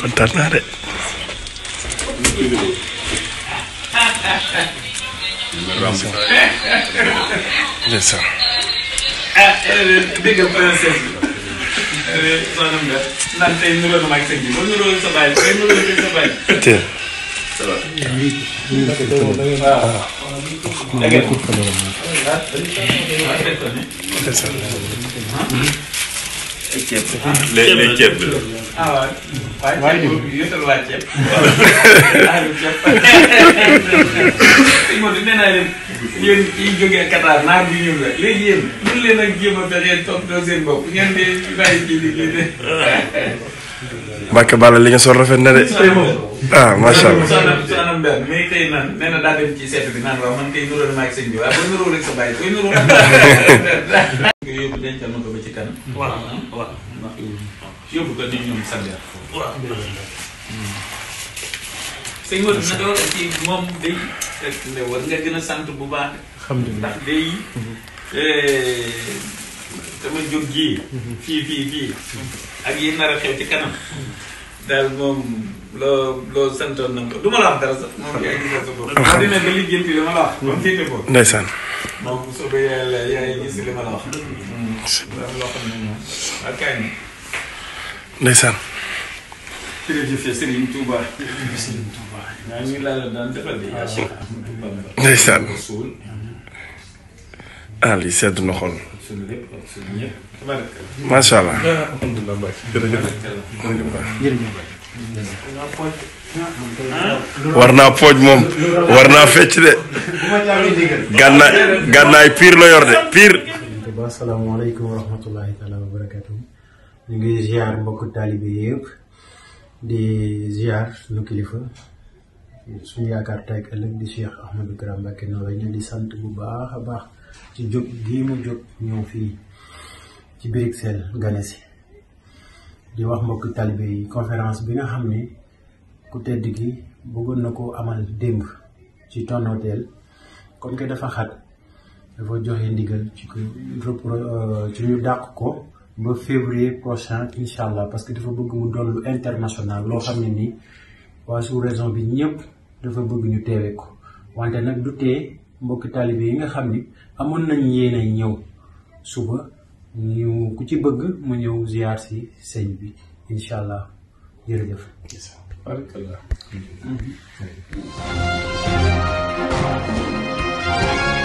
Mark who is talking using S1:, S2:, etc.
S1: Bentar narik. Listen. Big up princess. Sonra ben. Lan sen nuru olmak istediğim. Nuru olsa ben. Nuru olsa ben. Les, les tièdes. Ah ouais. Ouais, il est au la tiède. Ah, le tiède. Il m'a dit, yéen yi jógee Qatar naa gi ñëw la léegi yéen mun leen ak jéem a fexee topp doo seen bopp ngeen di bàyyi ji liggéey de
S2: Mbacke Balla li nga sol rafet na de. ah macha allah.
S1: mais xëy na nee daa dem ci seet bi naan waaw man kay nuróo na ak sëñ bi waaye boo sa bàyyi koy nuróo. yóbbu dencal na ko ba ci kanam. waaw waaw ndax yóbbu ko ni ñoom nga gën a sant bu baax. alhamdulilah ndax sama jur gii fii fii fii ak yi nar a du mm. ma suñu ah, war naa
S2: pooj moom war naa fecc de. gànnaay gànnaay pire la yor de pire. asalaamaaleykum ngi ziar mbokku taalibe yëpp di ziar suñu kilifa. suñu yaakaar tay ak ëllëg di cheikh ahmadou grand mbacke noonu ñu di sant bu baax a baax ci jóg gii mu jóg ñëw fii ci Bruxelles ganesi di wax mbokk talibé yi conférence bi nga xam ne ku tedd gi bëggoon na ko amal démb ci ton hôtel comme que dafa xat dafa joxe ndigal ci euh, ci ñu dàq ko ba février prochain inshallah parce que dafa bëgg mu dollu international loo xam ne nii waa sous raison bi ñëpp dafa bëgg ñu teewe ko wante nag du tee mbokki taalibe yi nga xam ni amoon nañ yéen ay ñëw suba ñu ku ci bëgg mu ñëw ziar si sëñ bi incha allah jërëjëf. barakallah mm-hmm. Mm-hmm.